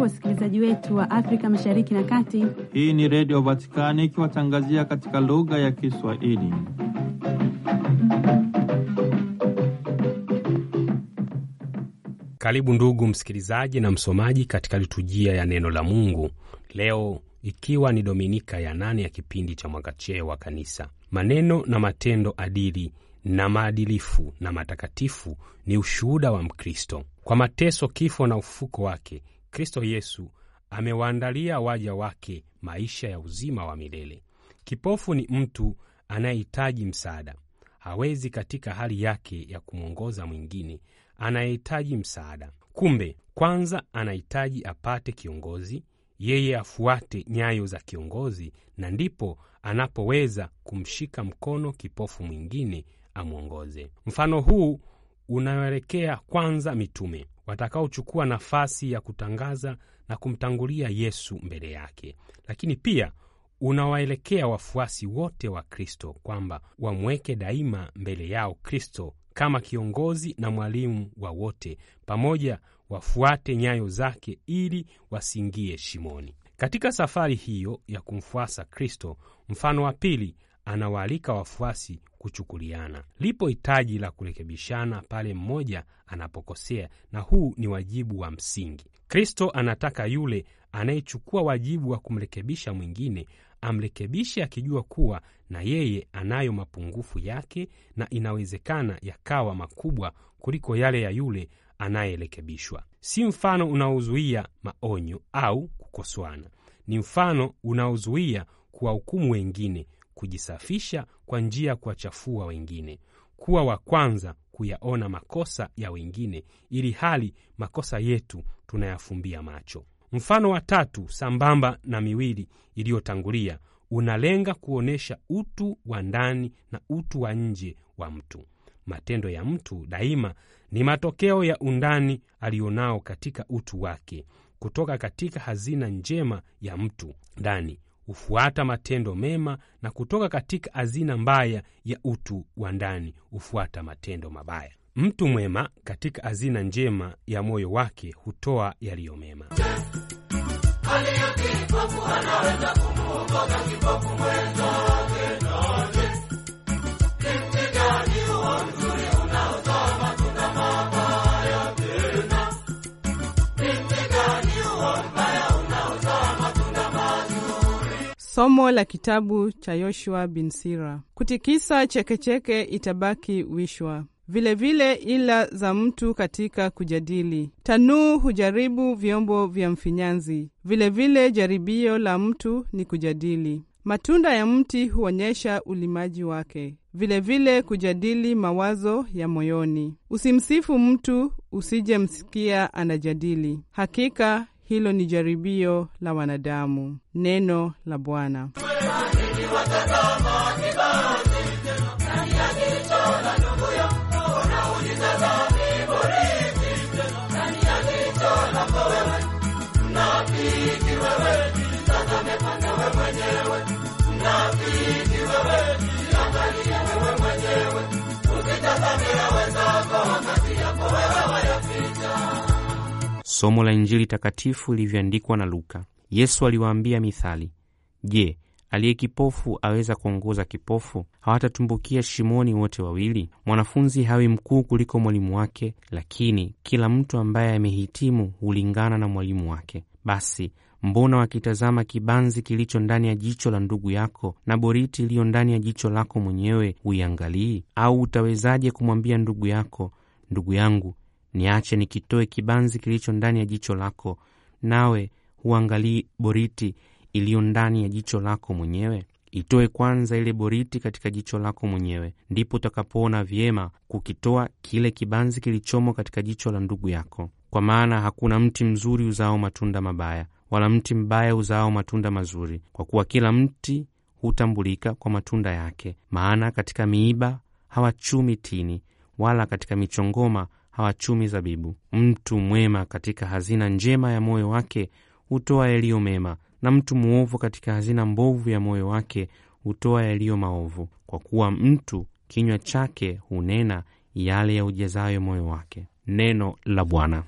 Hujambo wasikilizaji wetu wa Afrika Mashariki na Kati. Hii ni Redio Vatikani ikiwatangazia katika lugha ya Kiswahili. Karibu ndugu msikilizaji na msomaji katika litujia ya neno la Mungu leo, ikiwa ni Dominika ya nane ya kipindi cha mwaka C wa Kanisa. Maneno na matendo adili na maadilifu na matakatifu ni ushuhuda wa Mkristo. Kwa mateso, kifo na ufufuko wake, Kristo Yesu amewaandalia waja wake maisha ya uzima wa milele. Kipofu ni mtu anayehitaji msaada, hawezi katika hali yake ya kumwongoza mwingine, anayehitaji msaada. Kumbe kwanza anahitaji apate kiongozi, yeye afuate nyayo za kiongozi, na ndipo anapoweza kumshika mkono kipofu mwingine amwongoze. Mfano huu unaoelekea kwanza mitume watakaochukua nafasi ya kutangaza na kumtangulia Yesu mbele yake, lakini pia unawaelekea wafuasi wote wa Kristo kwamba wamweke daima mbele yao Kristo kama kiongozi na mwalimu wa wote, pamoja wafuate nyayo zake ili wasiingie shimoni. Katika safari hiyo ya kumfuasa Kristo, mfano wa pili anawaalika wafuasi kuchukuliana. Lipo hitaji la kurekebishana pale mmoja anapokosea, na huu ni wajibu wa msingi. Kristo anataka yule anayechukua wajibu wa kumrekebisha mwingine amrekebishe akijua kuwa na yeye anayo mapungufu yake, na inawezekana yakawa makubwa kuliko yale ya yule anayerekebishwa. Si mfano unaozuia maonyo au kukosoana, ni mfano unaozuia kuwahukumu wengine kujisafisha kwa njia ya kuwachafua wengine, kuwa wa kwanza kuyaona makosa ya wengine, ili hali makosa yetu tunayafumbia macho. Mfano wa tatu sambamba na miwili iliyotangulia unalenga kuonyesha utu wa ndani na utu wa nje wa mtu. Matendo ya mtu daima ni matokeo ya undani aliyonao katika utu wake, kutoka katika hazina njema ya mtu ndani hufuata matendo mema, na kutoka katika hazina mbaya ya utu wa ndani hufuata matendo mabaya. Mtu mwema katika hazina njema ya moyo wake hutoa yaliyo mema. Somo la kitabu cha Yoshua bin Sira. Kutikisa chekecheke itabaki wishwa vilevile vile ila za mtu katika kujadili. Tanuu hujaribu vyombo vya mfinyanzi, vilevile vile jaribio la mtu ni kujadili. Matunda ya mti huonyesha ulimaji wake, vilevile vile kujadili mawazo ya moyoni. Usimsifu mtu usijemsikia anajadili, hakika hilo ni jaribio la wanadamu. Neno la Bwana. Somo la Injili takatifu lilivyoandikwa na Luka. Yesu aliwaambia mithali, Je, aliye kipofu aweza kuongoza kipofu? Hawatatumbukia shimoni wote wawili? Mwanafunzi hawi mkuu kuliko mwalimu wake, lakini kila mtu ambaye amehitimu hulingana na mwalimu wake. Basi mbona wakitazama kibanzi kilicho ndani ya jicho la ndugu yako na boriti iliyo ndani ya jicho lako mwenyewe huiangalii? Au utawezaje kumwambia ndugu yako, ndugu yangu, Niache nikitoe kibanzi kilicho ndani ya jicho lako, nawe huangalii boriti iliyo ndani ya jicho lako mwenyewe? Itoe kwanza ile boriti katika jicho lako mwenyewe, ndipo utakapoona vyema kukitoa kile kibanzi kilichomo katika jicho la ndugu yako. Kwa maana hakuna mti mzuri uzao matunda mabaya, wala mti mbaya uzao matunda mazuri, kwa kuwa kila mti hutambulika kwa matunda yake. Maana katika miiba hawachumi tini, wala katika michongoma hawachumi zabibu. Mtu mwema katika hazina njema ya moyo wake hutoa yaliyo mema, na mtu mwovu katika hazina mbovu ya moyo wake hutoa yaliyo maovu, kwa kuwa mtu kinywa chake hunena yale ya ujazayo moyo wake. Neno la Bwana.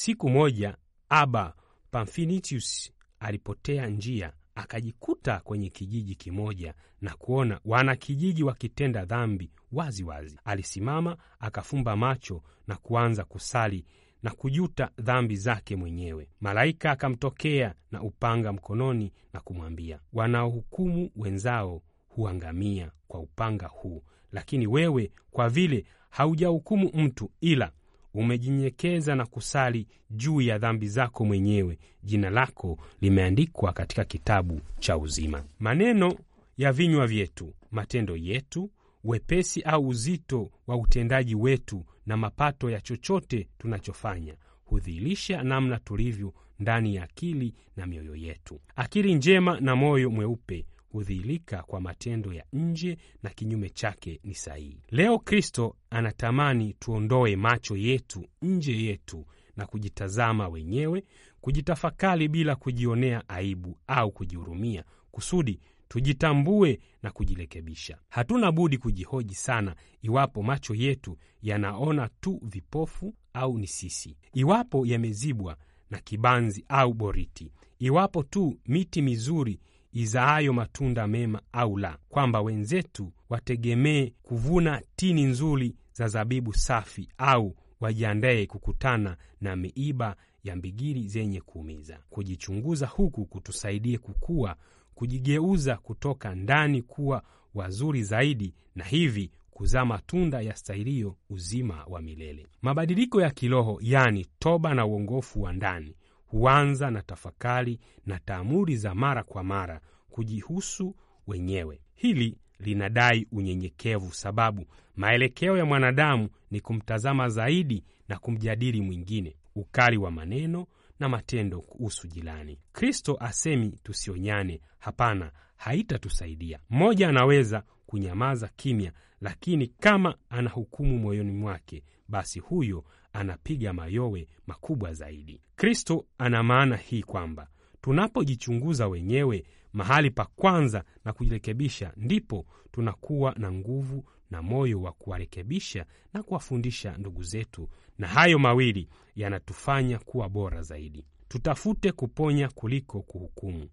Siku moja Aba pamfinitius alipotea njia akajikuta kwenye kijiji kimoja na kuona wanakijiji wakitenda dhambi waziwazi wazi. Alisimama akafumba macho na kuanza kusali na kujuta dhambi zake mwenyewe. Malaika akamtokea na upanga mkononi na kumwambia, wanaohukumu wenzao huangamia kwa upanga huu, lakini wewe kwa vile haujahukumu mtu ila umejinyekeza na kusali juu ya dhambi zako mwenyewe, jina lako limeandikwa katika kitabu cha uzima. Maneno ya vinywa vyetu, matendo yetu, wepesi au uzito wa utendaji wetu na mapato ya chochote tunachofanya hudhihirisha namna tulivyo ndani ya akili na mioyo yetu. Akili njema na moyo mweupe hudhihirika kwa matendo ya nje na kinyume chake ni sahihi. Leo Kristo anatamani tuondoe macho yetu nje yetu na kujitazama wenyewe, kujitafakari bila kujionea aibu au kujihurumia, kusudi tujitambue na kujirekebisha. Hatuna budi kujihoji sana iwapo macho yetu yanaona tu vipofu au ni sisi, iwapo yamezibwa na kibanzi au boriti, iwapo tu miti mizuri izaayo matunda mema au la, kwamba wenzetu wategemee kuvuna tini nzuri za zabibu safi au wajiandaye kukutana na miiba ya mbigiri zenye kuumiza. Kujichunguza huku kutusaidie kukua, kujigeuza kutoka ndani kuwa wazuri zaidi, na hivi kuzaa matunda yastahilio uzima wa milele. Mabadiliko ya kiroho, yani toba na uongofu wa ndani, huanza na tafakari na taamuri za mara kwa mara kujihusu wenyewe. Hili linadai unyenyekevu, sababu maelekeo ya mwanadamu ni kumtazama zaidi na kumjadili mwingine, ukali wa maneno na matendo kuhusu jirani. Kristo asemi tusionyane, hapana, haitatusaidia. Mmoja anaweza kunyamaza kimya, lakini kama anahukumu moyoni mwake, basi huyo anapiga mayowe makubwa zaidi. Kristo ana maana hii kwamba tunapojichunguza wenyewe mahali pa kwanza na kujirekebisha, ndipo tunakuwa na nguvu na moyo wa kuwarekebisha na kuwafundisha ndugu zetu, na hayo mawili yanatufanya kuwa bora zaidi. Tutafute kuponya kuliko kuhukumu.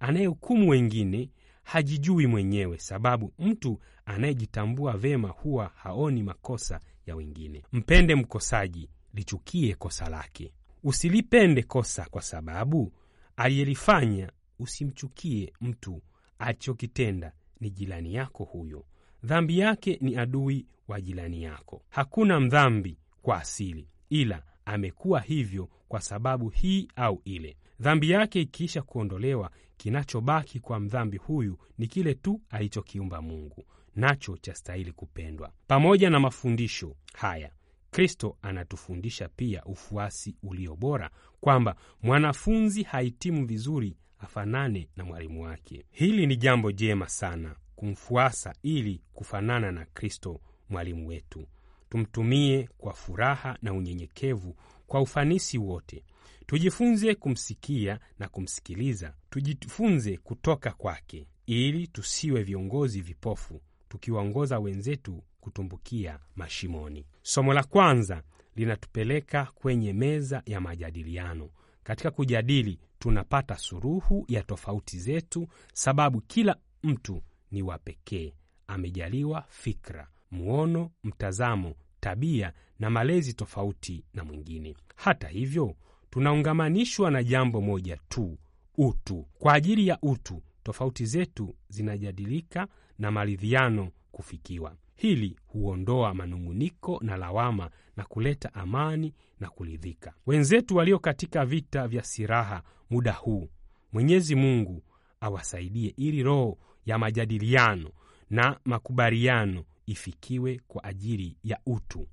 Anayehukumu wengine hajijui mwenyewe, sababu mtu anayejitambua vema huwa haoni makosa ya wengine. Mpende mkosaji, lichukie kosa lake. Usilipende kosa kwa sababu aliyelifanya. Usimchukie mtu alichokitenda, ni jirani yako huyo, dhambi yake ni adui wa jirani yako. Hakuna mdhambi kwa asili, ila amekuwa hivyo kwa sababu hii au ile. Dhambi yake ikiisha kuondolewa, kinachobaki kwa mdhambi huyu ni kile tu alichokiumba Mungu, nacho chastahili kupendwa. Pamoja na mafundisho haya, Kristo anatufundisha pia ufuasi ulio bora, kwamba mwanafunzi hahitimu vizuri afanane na mwalimu wake. Hili ni jambo jema sana kumfuasa ili kufanana na Kristo mwalimu wetu. Tumtumie kwa furaha na unyenyekevu, kwa ufanisi wote. Tujifunze kumsikia na kumsikiliza, tujifunze kutoka kwake, ili tusiwe viongozi vipofu tukiwaongoza wenzetu kutumbukia mashimoni. Somo la kwanza linatupeleka kwenye meza ya majadiliano. Katika kujadili, tunapata suluhu ya tofauti zetu, sababu kila mtu ni wa pekee, amejaliwa fikra, muono, mtazamo, tabia na malezi tofauti na mwingine. Hata hivyo, tunaungamanishwa na jambo moja tu, utu. Kwa ajili ya utu, tofauti zetu zinajadilika na maridhiano kufikiwa. Hili huondoa manung'uniko na lawama na kuleta amani na kuridhika. Wenzetu walio katika vita vya siraha muda huu, Mwenyezi Mungu awasaidie ili roho ya majadiliano na makubaliano ifikiwe kwa ajili ya utu.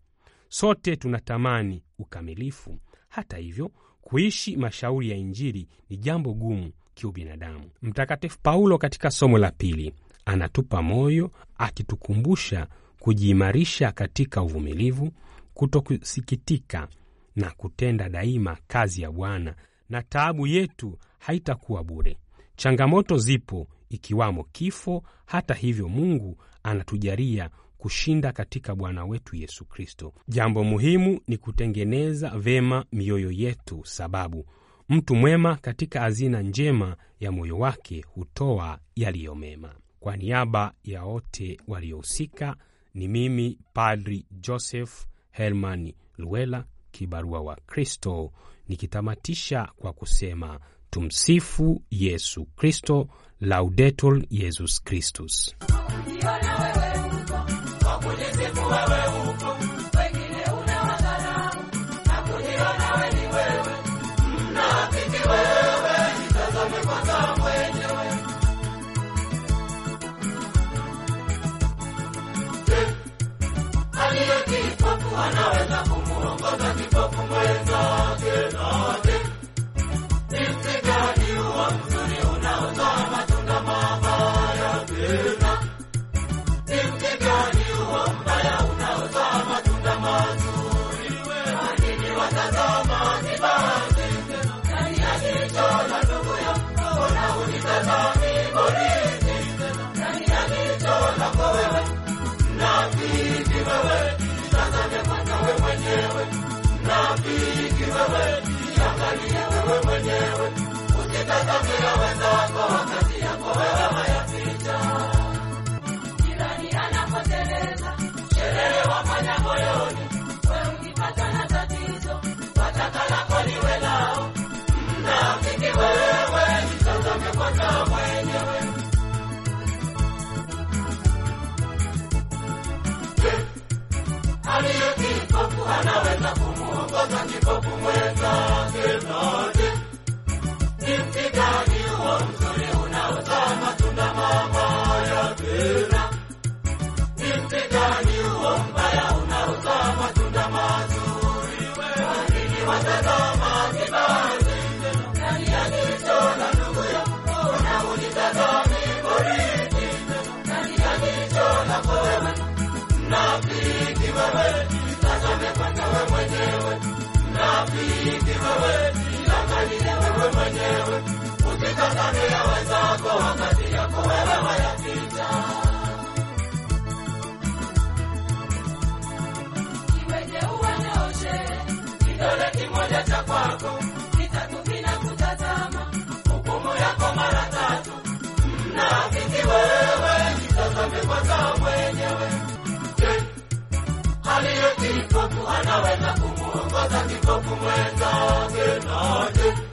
Sote tunatamani ukamilifu. Hata hivyo, kuishi mashauri ya Injili ni jambo gumu kiubinadamu. Mtakatifu Paulo katika somo la pili anatupa moyo akitukumbusha kujiimarisha katika uvumilivu, kutokusikitika na kutenda daima kazi ya Bwana, na taabu yetu haitakuwa bure. Changamoto zipo ikiwamo kifo. Hata hivyo, Mungu anatujalia kushinda katika Bwana wetu Yesu Kristo. Jambo muhimu ni kutengeneza vema mioyo yetu, sababu mtu mwema katika hazina njema ya moyo wake hutoa yaliyo mema. Kwa niaba ya wote waliohusika, ni mimi Padri Joseph Herman Luela, kibarua wa Kristo, nikitamatisha kwa kusema tumsifu Yesu Kristo, Laudetur Yesus Kristus. wenyewe, usikadhania wenzako wakati yako wewe wayapita. Iweje uwanyooshe kidole kimoja cha kwako, vitatu vinakutazama, hukumu yako mara tatu. Mnafiki wewe, jitazame kwanza mwenyewe. Je, aliye kipofu anaweza kumuongoza kipofu mwenzake? Naje